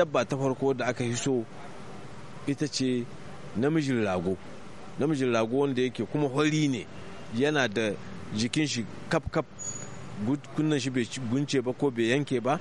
dabba ta farko da aka hiso ita ce namijin rago namijin rago wanda yake kuma hori ne yana da jikin shi kaf kaf kunnan shi bai gunce ba ko bai yanke ba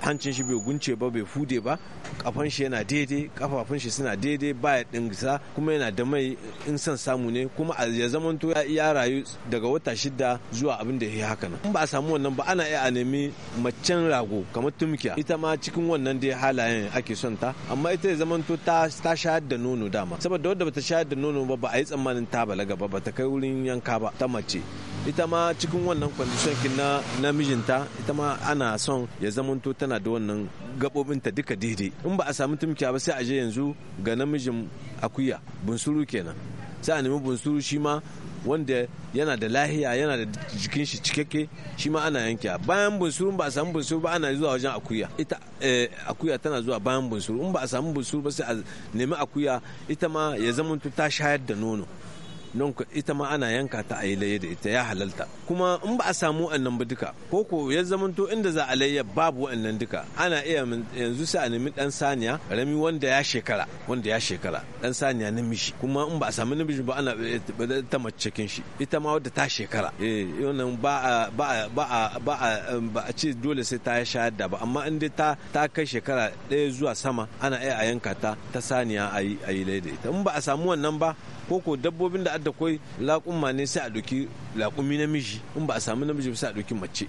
hancin shi bai gunce ba bai fude ba kafan shi yana daidai kafafun shi suna daidai baya dingisa kuma yana da mai in son samu ne kuma a ya zamanto ya rayu daga wata shida zuwa abin da ya haka ba a samu wannan ba ana iya a nemi macen rago kamar tumkiya ita ma cikin wannan dai halayen ake son ta amma ita ya zamanto ta shayar da nono dama saboda wadda bata shayar da nono ba ba a yi tsammanin ta balaga ba ta kai wurin yanka ba ta mace ita ma cikin wannan kwandishon kin na namijinta ita ma ana son ya zamanto tana da wannan gaɓoɓinta duka daidai in ba a samu tumkiya ba sai a je yanzu ga namijin akuya bunsuru kenan sai a nemi bunsuru shi ma wanda yana da lahiya yana da jikin shi cikakke shi ma ana yanke bayan bunsuru ba a samu bunsuru ba ana zuwa wajen akuya ita eh, akuya tana zuwa bayan bunsuru in ba a samu bunsuru ba sai a nemi akuya ita ma ya zama ta shayar da nono don ita ma ana yanka ta a yi laye da ita ya halalta kuma in ba a samu wannan ba duka ko ko ya zamanto inda za a layya babu wannan duka ana iya yanzu sai a nemi dan saniya rami wanda ya shekara wanda ya shekara dan saniya namiji kuma in ba a samu namiji ba ana eh, ta mace cikin shi ita ma wadda ta shekara eh wannan ba ba ba ba a um, ba a ce dole sai ta ya shayar da ba amma in dai ta ta kai shekara ɗaya zuwa sama ana iya a yanka ta ta saniya a yi laye da ita in ba a samu wannan ba ko ko dabbobin da adda koi laƙumma ne sai a doki laƙumi namiji in ba a samu namiji ba sai a doki mace